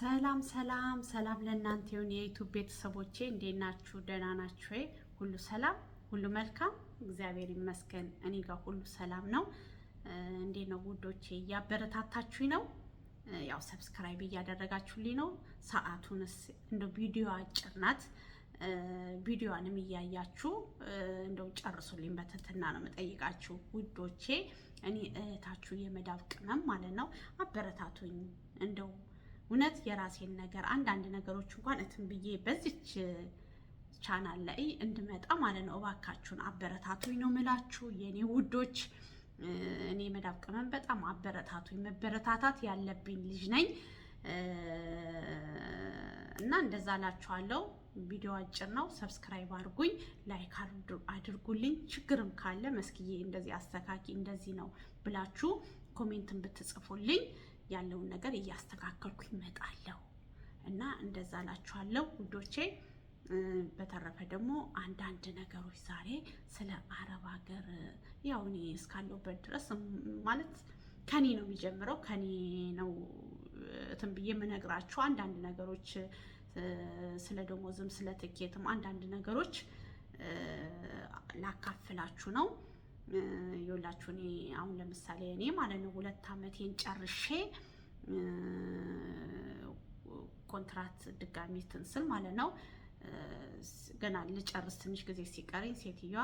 ሰላም ሰላም ሰላም ለእናንተ ይሁን የዩቱብ ቤተሰቦቼ፣ እንዴት ናችሁ? ደህና ናችሁ? ሁሉ ሰላም፣ ሁሉ መልካም፣ እግዚአብሔር ይመስገን። እኔ ጋር ሁሉ ሰላም ነው። እንዴት ነው ውዶቼ? እያበረታታችሁኝ ነው፣ ያው ሰብስክራይብ እያደረጋችሁልኝ ነው። ሰዓቱንስ እንደ ቪዲዮ አጭር ናት። ቪዲዮንም እያያችሁ እንደው ጨርሱልኝ በትህትና ነው የምጠይቃችሁ ውዶቼ። እኔ እህታችሁ የመዳብ ቅመም ማለት ነው። አበረታቱኝ እንደው እውነት የራሴን ነገር አንዳንድ ነገሮች እንኳን እትን ብዬ በዚች ቻናል ላይ እንድመጣ ማለት ነው። እባካችሁን አበረታቱኝ ነው ምላችሁ የእኔ ውዶች። እኔ መዳብ ቅመም በጣም አበረታቱኝ። መበረታታት ያለብኝ ልጅ ነኝ እና እንደዛ ላችኋለው። ቪዲዮ አጭር ነው። ሰብስክራይብ አድርጉኝ፣ ላይክ አድርጉልኝ። ችግርም ካለ መስክዬ እንደዚህ አስተካኪ እንደዚህ ነው ብላችሁ ኮሜንትን ብትጽፉልኝ ያለውን ነገር እያስተካከልኩ ይመጣለሁ እና እንደዛ ላችኋለሁ ውዶቼ። በተረፈ ደግሞ አንዳንድ ነገሮች ዛሬ ስለ አረብ ሀገር ያው እኔ እስካለሁበት ድረስ ማለት ከኔ ነው የሚጀምረው ከኔ ነው እንትን ብዬ የምነግራችሁ አንዳንድ ነገሮች ስለ ደሞዝም ስለ ትኬትም አንዳንድ ነገሮች ላካፍላችሁ ነው። የወላችሁ እኔ አሁን ለምሳሌ እኔ ማለት ነው ሁለት አመቴን ጨርሼ ኮንትራት ድጋሚ ትንስል ማለት ነው ገና ልጨርስ ትንሽ ጊዜ ሲቀረኝ ሴትዮዋ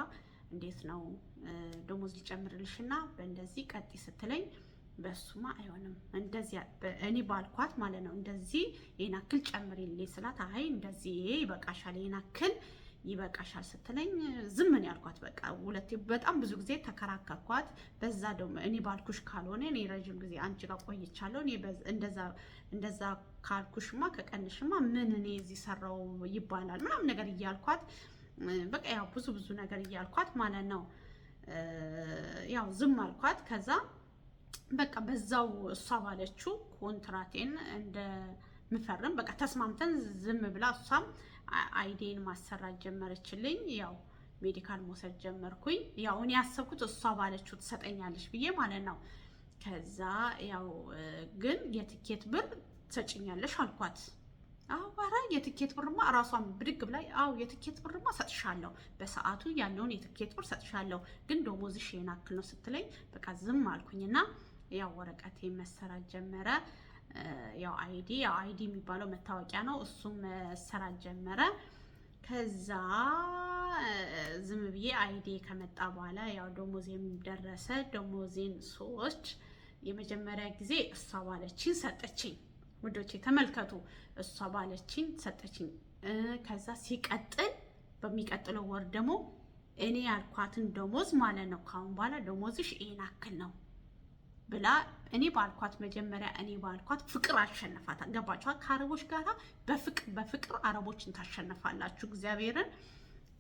እንዴት ነው ደሞዝ ልጨምርልሽና በእንደዚህ ቀጢ ስትለኝ በሱማ አይሆንም እንደዚህ እኔ ባልኳት ማለት ነው እንደዚህ ይህን አክል ጨምሪልኝ ስላት አይ እንደዚህ ይበቃሻል ይህን አክል ይበቃሻል ስትለኝ ዝም ነው ያልኳት። በቃ ሁለቴ በጣም ብዙ ጊዜ ተከራከርኳት። በዛ ደግሞ እኔ ባልኩሽ ካልሆነ እኔ ረዥም ጊዜ አንቺ ጋር ቆይቻለሁ። እኔ እንደዛ ካልኩሽማ ከቀንሽማ ምን እኔ እዚህ ሰራው ይባላል ምናምን ነገር እያልኳት በቃ ያው ብዙ ብዙ ነገር እያልኳት ማለት ነው። ያው ዝም አልኳት። ከዛ በቃ በዛው እሷ ባለችው ኮንትራቴን እንደምፈርም በቃ ተስማምተን ዝም ብላ እሷም አይዴን ማሰራት ጀመረችልኝ። ያው ሜዲካል መውሰድ ጀመርኩኝ። ያው እኔ ያሰብኩት እሷ ባለችው ትሰጠኛለች ብዬ ማለት ነው። ከዛ ያው ግን የትኬት ብር ትሰጭኛለሽ አልኳት። አዎ የትኬት ብርማ እራሷን ብድግ ብላይ፣ አዎ የትኬት ብርማ ሰጥሻለሁ፣ በሰዓቱ ያለውን የትኬት ብር ሰጥሻለሁ፣ ግን ደሞዝሽ ይሄን ያክል ነው ስትለኝ፣ በቃ ዝም አልኩኝና ያው ወረቀቴ መሰራት ጀመረ። ያው አይዲ ያው አይዲ የሚባለው መታወቂያ ነው። እሱም መሰራት ጀመረ። ከዛ ዝም ብዬ አይዲ ከመጣ በኋላ ያው ደሞዜም ደረሰ። ደሞዜን ሶስት የመጀመሪያ ጊዜ እሷ ባለችኝ ሰጠችኝ። ውዶቼ ተመልከቱ፣ እሷ ባለችኝ ሰጠችኝ። ከዛ ሲቀጥል በሚቀጥለው ወር ደግሞ እኔ ያልኳትን ደሞዝ ማለት ነው። ካሁን በኋላ ደሞዝሽ ይሄን አክል ነው ብላ እኔ ባልኳት መጀመሪያ እኔ ባልኳት ፍቅር አሸነፋት። ገባችኋ? ከአረቦች ጋር በፍቅር በፍቅር አረቦችን ታሸነፋላችሁ እግዚአብሔርን።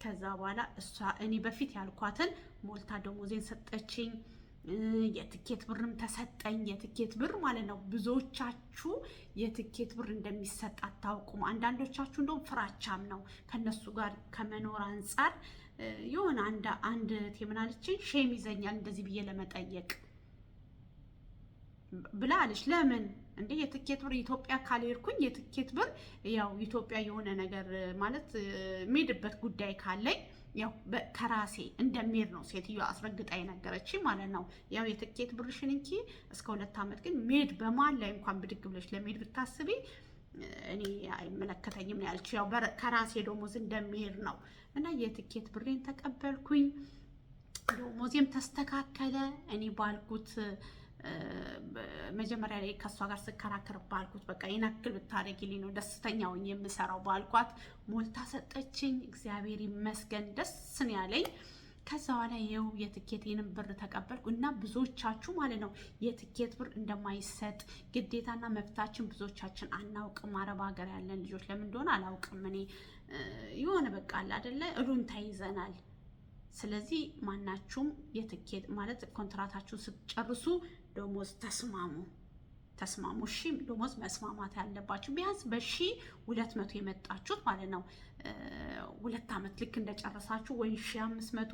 ከዛ በኋላ እሷ እኔ በፊት ያልኳትን ሞልታ ደሞዜን ሰጠችኝ። የትኬት ብርም ተሰጠኝ። የትኬት ብር ማለት ነው። ብዙዎቻችሁ የትኬት ብር እንደሚሰጥ አታውቁም። አንዳንዶቻችሁ እንደውም ፍራቻም ነው ከነሱ ጋር ከመኖር አንጻር የሆነ አንድ አንድ ቴምናልችን ሼም ይዘኛል እንደዚህ ብዬ ለመጠየቅ ብላ አለች። ለምን እንዴ የትኬት ብር ኢትዮጵያ ካልሄድኩኝ የትኬት ብር ያው ኢትዮጵያ የሆነ ነገር ማለት የሚሄድበት ጉዳይ ካለኝ ያው ከራሴ እንደሚሄድ ነው ሴትዮ አስረግጣ የነገረች ማለት ነው። ያው የትኬት ብርሽን እንኪ እስከ ሁለት ዓመት ግን ሜድ በማን ላይ እንኳን ብድግ ብለሽ ለሜድ ብታስቢ እኔ አይመለከተኝም ነው ያለችው። ያው ከራሴ ደሞዝ እንደሚሄድ ነው እና የትኬት ብሬን ተቀበልኩኝ፣ ደሞዜም ተስተካከለ እኔ ባልኩት መጀመሪያ ላይ ከእሷ ጋር ስከራከር ባልኩት በቃ ይናክል ብታደርጊልኝ ነው ደስተኛውን የምሰራው ባልኳት ሞልታ ሰጠችኝ። እግዚአብሔር ይመስገን ደስ ነው ያለኝ። ከዛ በኋላ ይኸው የትኬቴንም ብር ተቀበልኩ እና ብዙዎቻችሁ ማለት ነው የትኬት ብር እንደማይሰጥ ግዴታና መብታችን ብዙዎቻችን አናውቅም። አረብ ሀገር ያለን ልጆች ለምን እንደሆነ አላውቅም። እኔ የሆነ በቃ አለ አደለ እሉን ተይዘናል። ስለዚህ ማናችሁም የትኬት ማለት ኮንትራታችሁ ስትጨርሱ ደሞዝ ተስማሙ ተስማሙ። እሺ ደሞዝ መስማማት ያለባችሁ ቢያንስ በሺ ሁለት መቶ የመጣችሁት ማለት ነው። ሁለት ዓመት ልክ እንደጨረሳችሁ ወይም ሺ አምስት መቶ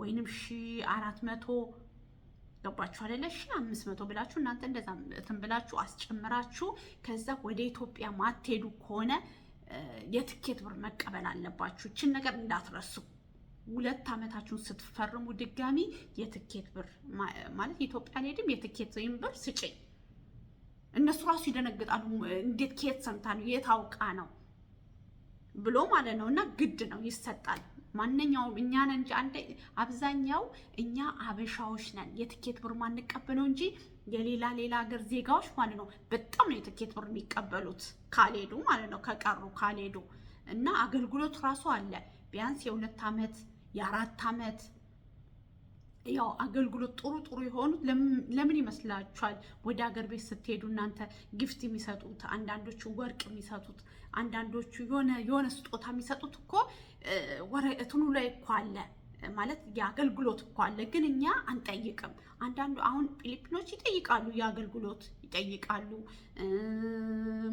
ወይንም ሺ አራት መቶ ገባችሁ አይደለ? ሺ አምስት መቶ ብላችሁ እናንተ እንደዛ እንትን ብላችሁ አስጨምራችሁ ከዛ ወደ ኢትዮጵያ ማትሄዱ ከሆነ የትኬት ብር መቀበል አለባችሁ። ይችን ነገር እንዳትረሱ። ሁለት ዓመታችሁን ስትፈርሙ ድጋሚ የትኬት ብር ማለት ኢትዮጵያ አልሄድም የትኬት ወይም ብር ስጭኝ። እነሱ ራሱ ይደነግጣሉ። እንዴት ከየት ሰምታ ነው የት አውቃ ነው ብሎ ማለት ነው። እና ግድ ነው ይሰጣል። ማንኛውም እኛ ነን እንጂ አንድ አብዛኛው እኛ አበሻዎች ነን የትኬት ብር ማንቀበለው እንጂ የሌላ ሌላ ሀገር ዜጋዎች ማለት ነው በጣም ነው የትኬት ብር የሚቀበሉት ካልሄዱ ማለት ነው ከቀሩ ካልሄዱ እና አገልግሎት ራሱ አለ ቢያንስ የሁለት ዓመት የአራት ዓመት ያው አገልግሎት ጥሩ ጥሩ የሆኑት ለምን ይመስላችኋል? ወደ አገር ቤት ስትሄዱ እናንተ ጊፍት የሚሰጡት አንዳንዶቹ ወርቅ የሚሰጡት አንዳንዶቹ የሆነ ስጦታ የሚሰጡት እኮ ወረቀቱኑ ላይ እኮ አለ ማለት የአገልግሎት እኮ አለ። ግን እኛ አንጠይቅም። አንዳንዱ አሁን ፊሊፒኖች ይጠይቃሉ፣ የአገልግሎት ይጠይቃሉ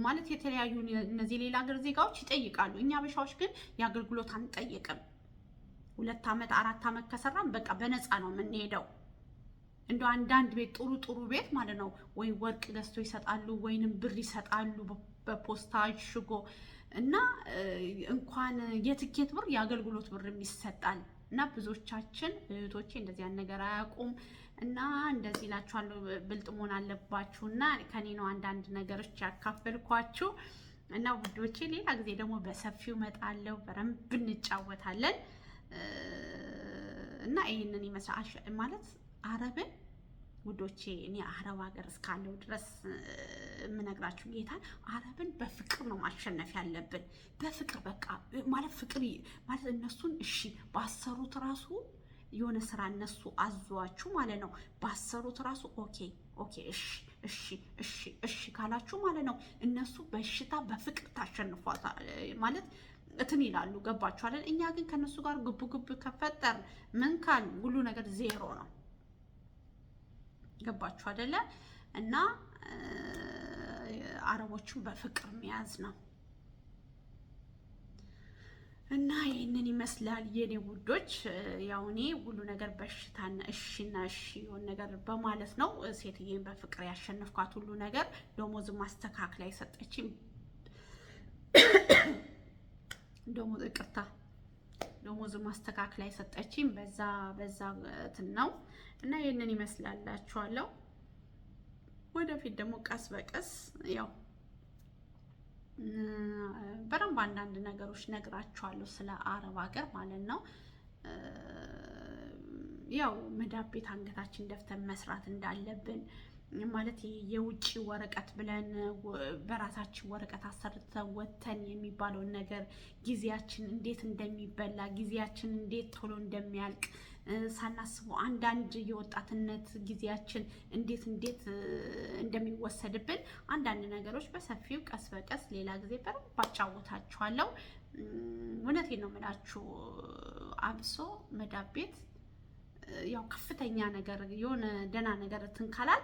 ማለት የተለያዩ እነዚህ ሌላ ሀገር ዜጋዎች ይጠይቃሉ። እኛ በሻዎች ግን የአገልግሎት አንጠይቅም። ሁለት ዓመት አራት ዓመት ከሰራን በቃ በነፃ ነው የምንሄደው። እንደ አንዳንድ ቤት ጥሩ ጥሩ ቤት ማለት ነው ወይ ወርቅ ገዝቶ ይሰጣሉ ወይንም ብር ይሰጣሉ በፖስታ ሽጎ እና እንኳን የትኬት ብር የአገልግሎት ብርም ይሰጣል። እና ብዙዎቻችን እህቶቼ እንደዚያን ነገር አያውቁም። እና እንደዚህ እላችኋለሁ፣ ብልጥ መሆን አለባችሁ። እና ከኔ ነው አንዳንድ ነገሮች ያካፈልኳችሁ። እና ውዶቼ ሌላ ጊዜ ደግሞ በሰፊው እመጣለሁ፣ በረንብ እንጫወታለን። እና ይህንን ይመስላል ማለት አረብን ውዶቼ እኔ አረብ ሀገር እስካለው ድረስ የምነግራችሁ ጌታ አረብን በፍቅር ነው ማሸነፍ ያለብን። በፍቅር በቃ ማለት ፍቅር ማለት እነሱን እሺ ባሰሩት ራሱ የሆነ ስራ እነሱ አዟችሁ ማለት ነው ባሰሩት ራሱ ኦኬ ኦኬ እሺ እሺ እሺ እሺ ካላችሁ ማለት ነው እነሱ በሽታ በፍቅር ታሸንፏታ ማለት እትን ይላሉ። ገባችሁ እኛ ግን ከነሱ ጋር ግቡ ግቡ ከፈጠር ምን ካል ሁሉ ነገር ዜሮ ነው። ገባችሁ አይደለ? እና አረቦቹ በፍቅር መያዝ ነው። እና ይህንን ይመስላል የኔ ውዶች። ያው እኔ ሁሉ ነገር በሽታን እሺና እሺ የሆነ ነገር በማለት ነው። ሴትዬን በፍቅር ያሸነፍኳት ሁሉ ነገር ደሞዝ ማስተካከል አይሰጠችም። ደሞዝ ይቅርታ ደሞዝ ማስተካከል አይሰጠችኝ። በዛ በዛ እንትን ነው እና ይህንን ይመስላላችኋለሁ። ወደፊት ደግሞ ቀስ በቀስ ያው በደንብ አንዳንድ ነገሮች ነግራችኋለሁ ስለ አረብ ሀገር ማለት ነው። ያው መዳብ ቤት አንገታችን ደፍተን መስራት እንዳለብን ማለት የውጭ ወረቀት ብለን በራሳችን ወረቀት አሰርተን ወተን የሚባለውን ነገር ጊዜያችን እንዴት እንደሚበላ ጊዜያችን እንዴት ቶሎ እንደሚያልቅ ሳናስበው አንዳንድ የወጣትነት ጊዜያችን እንዴት እንዴት እንደሚወሰድብን አንዳንድ ነገሮች በሰፊው ቀስ በቀስ ሌላ ጊዜ በደንብ አጫወታችኋለሁ። እውነቴን ነው የምላችሁ። አብሶ መዳብ ቤት ያው ከፍተኛ ነገር የሆነ ደህና ነገር ትንካላል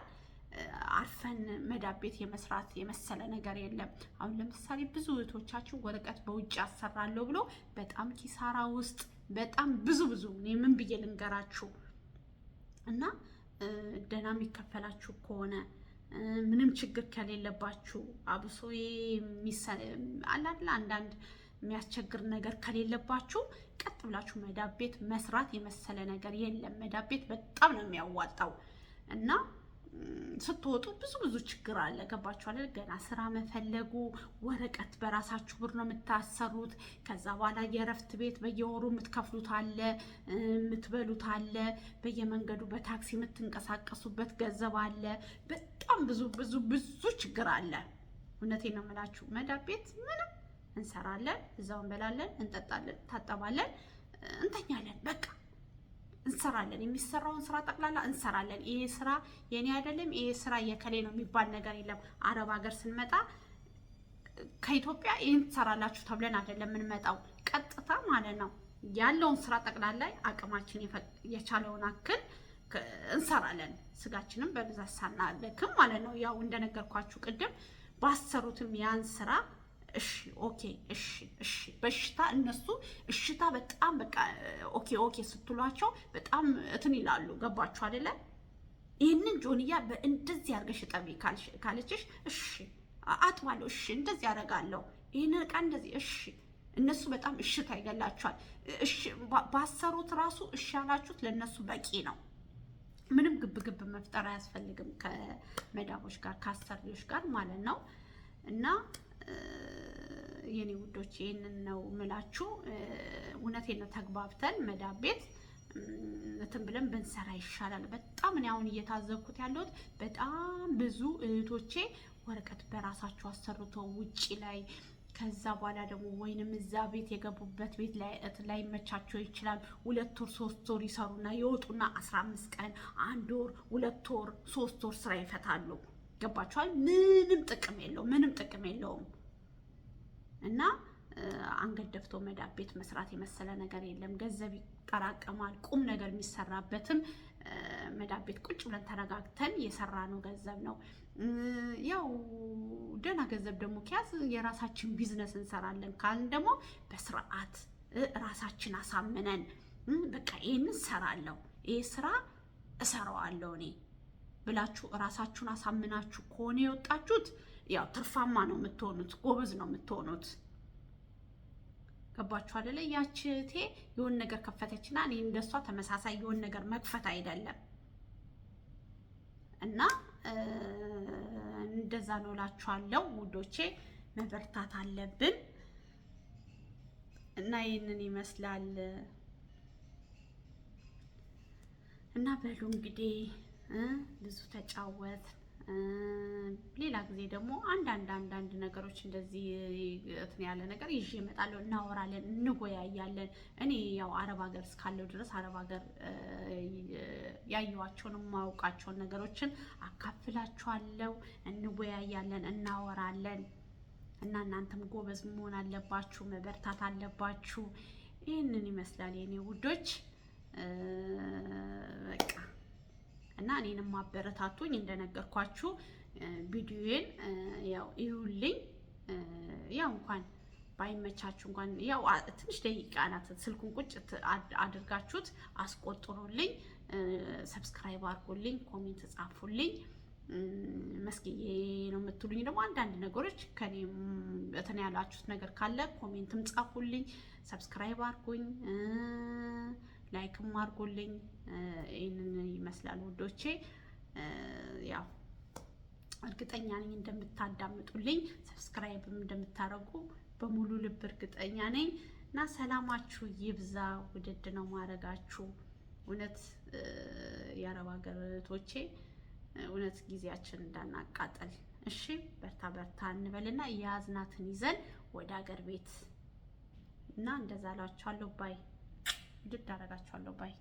አርፈን መዳብ ቤት የመስራት የመሰለ ነገር የለም። አሁን ለምሳሌ ብዙ እህቶቻችን ወረቀት በውጭ አሰራለሁ ብሎ በጣም ኪሳራ ውስጥ በጣም ብዙ ብዙ ምን ብዬ ልንገራችሁ እና ደህና የሚከፈላችሁ ከሆነ ምንም ችግር ከሌለባችሁ አብሶ አላለ አንዳንድ የሚያስቸግር ነገር ከሌለባችሁ ቀጥ ብላችሁ መዳብ ቤት መስራት የመሰለ ነገር የለም። መዳብ ቤት በጣም ነው የሚያዋጣው እና ስትወጡ ብዙ ብዙ ችግር አለ። ገባችኋል? ገና ስራ መፈለጉ፣ ወረቀት በራሳችሁ ብር ነው የምታሰሩት። ከዛ በኋላ የእረፍት ቤት በየወሩ የምትከፍሉት አለ፣ የምትበሉት አለ፣ በየመንገዱ በታክሲ የምትንቀሳቀሱበት ገንዘብ አለ። በጣም ብዙ ብዙ ብዙ ችግር አለ። እውነቴ ነው የምላችሁ። መዳብ ቤት ምንም እንሰራለን፣ እዛው እንበላለን፣ እንጠጣለን፣ ታጠባለን፣ እንተኛለን። በቃ እንሰራለን። የሚሰራውን ስራ ጠቅላላ እንሰራለን። ይሄ ስራ የኔ አይደለም፣ ይሄ ስራ የከሌ ነው የሚባል ነገር የለም። አረብ ሀገር ስንመጣ ከኢትዮጵያ ይህን ትሰራላችሁ ተብለን አይደለም የምንመጣው፣ ቀጥታ ማለት ነው ያለውን ስራ ጠቅላላ አቅማችን የቻለውን አክል እንሰራለን። ስጋችንም በብዛት ሳናለክም ማለት ነው። ያው እንደነገርኳችሁ ቅድም ባሰሩትም ያን ስራ እሺ ኦኬ፣ እሺ እሺ። በሽታ እነሱ እሽታ በጣም በቃ ኦኬ ኦኬ ስትሏቸው በጣም እትን ይላሉ። ገባችሁ አይደለ? ይህንን ጆንያ በእንደዚህ አድርገሽ ጠቢ ካለችሽ፣ እሺ አጥባለሁ፣ እሺ እንደዚህ አደርጋለሁ፣ ይህን ዕቃ እንደዚህ፣ እሺ እነሱ በጣም እሽታ ይገላቸዋል። ባሰሩት ራሱ እሺ ያላችሁት ለእነሱ በቂ ነው። ምንም ግብግብ መፍጠር አያስፈልግም ከመዳቦች ጋር ከአሰሪዎች ጋር ማለት ነው እና የኔ ውዶች ይህንን ነው ምላችሁ። እውነቴን ነው። ተግባብተን መዳብ ቤት እንትን ብለን ብንሰራ ይሻላል። በጣም እኔ አሁን እየታዘብኩት ያለሁት በጣም ብዙ እህቶቼ ወረቀት በራሳቸው አሰርቶ ውጭ ላይ ከዛ በኋላ ደግሞ ወይንም እዛ ቤት የገቡበት ቤት ላይመቻቸው ይችላል። ሁለት ወር ሶስት ወር ይሰሩና የወጡና አስራ አምስት ቀን አንድ ወር ሁለት ወር ሶስት ወር ስራ ይፈታሉ። ገባችኋል? ምንም ጥቅም የለውም። ምንም ጥቅም የለውም። እና አንገት ደፍቶ መዳብ ቤት መስራት የመሰለ ነገር የለም። ገንዘብ ይጠራቀማል። ቁም ነገር የሚሰራበትም መዳብ ቤት ቁጭ ብለን ተረጋግተን የሰራ ነው ገንዘብ ነው። ያው ደህና ገንዘብ ደግሞ ከያዝ የራሳችን ቢዝነስ እንሰራለን ካልን ደግሞ በስርዓት ራሳችን አሳምነን በቃ ይህን እሰራለሁ ይህ ስራ እሰራዋለሁ እኔ ብላችሁ ራሳችሁን አሳምናችሁ ከሆነ የወጣችሁት ያው ትርፋማ ነው የምትሆኑት፣ ጎበዝ ነው የምትሆኑት። ገባችሁ አደለ? ያቺ እህቴ የሆነ ነገር ከፈተችና እኔ እንደሷ ተመሳሳይ የሆን ነገር መክፈት አይደለም እና እንደዛ ነው እላችኋለሁ ውዶቼ። መበርታት አለብን እና ይህንን ይመስላል እና በሉ እንግዲህ ብዙ ተጫወት ሌላ ጊዜ ደግሞ አንዳንድ አንዳንድ ነገሮች እንደዚህ እንትን ያለ ነገር ይዤ እመጣለሁ። እናወራለን፣ እንወያያለን። እኔ ያው አረብ ሀገር እስካለው ድረስ አረብ ሀገር ያየኋቸውን የማውቃቸውን ነገሮችን አካፍላችኋለሁ። እንወያያለን፣ እናወራለን እና እናንተም ጎበዝ መሆን አለባችሁ፣ መበርታት አለባችሁ። ይህንን ይመስላል የኔ ውዶች በቃ እና እኔንም ማበረታቱኝ እንደነገርኳችሁ ቪዲዮዬን ያው ይሁልኝ ያው እንኳን ባይመቻችሁ እንኳን ያው ትንሽ ደቂቃ ናት። ስልኩን ቁጭ አድርጋችሁት አስቆጥሩልኝ፣ ሰብስክራይብ አድርጉልኝ፣ ኮሜንት ጻፉልኝ። መስጌዬ ነው የምትሉኝ ደግሞ አንዳንድ ነገሮች ከኔ እንትን ያላችሁት ነገር ካለ ኮሜንትም ጻፉልኝ፣ ሰብስክራይብ አድርጉኝ። ላይክም አድርጎልኝ ይህንን ይመስላል ውዶቼ። ያው እርግጠኛ ነኝ እንደምታዳምጡልኝ፣ ሰብስክራይብም እንደምታደርጉ በሙሉ ልብ እርግጠኛ ነኝ እና ሰላማችሁ ይብዛ። ውድድ ነው ማድረጋችሁ እውነት የአረብ ሀገር እህቶቼ እውነት ጊዜያችን እንዳናቃጠል እሺ፣ በርታ በርታ እንበልና የያዝናትን ይዘን ወደ ሀገር ቤት እና እንደዛ ላችኋለሁ ባይ ጅድ አረጋችኋለሁ ባይ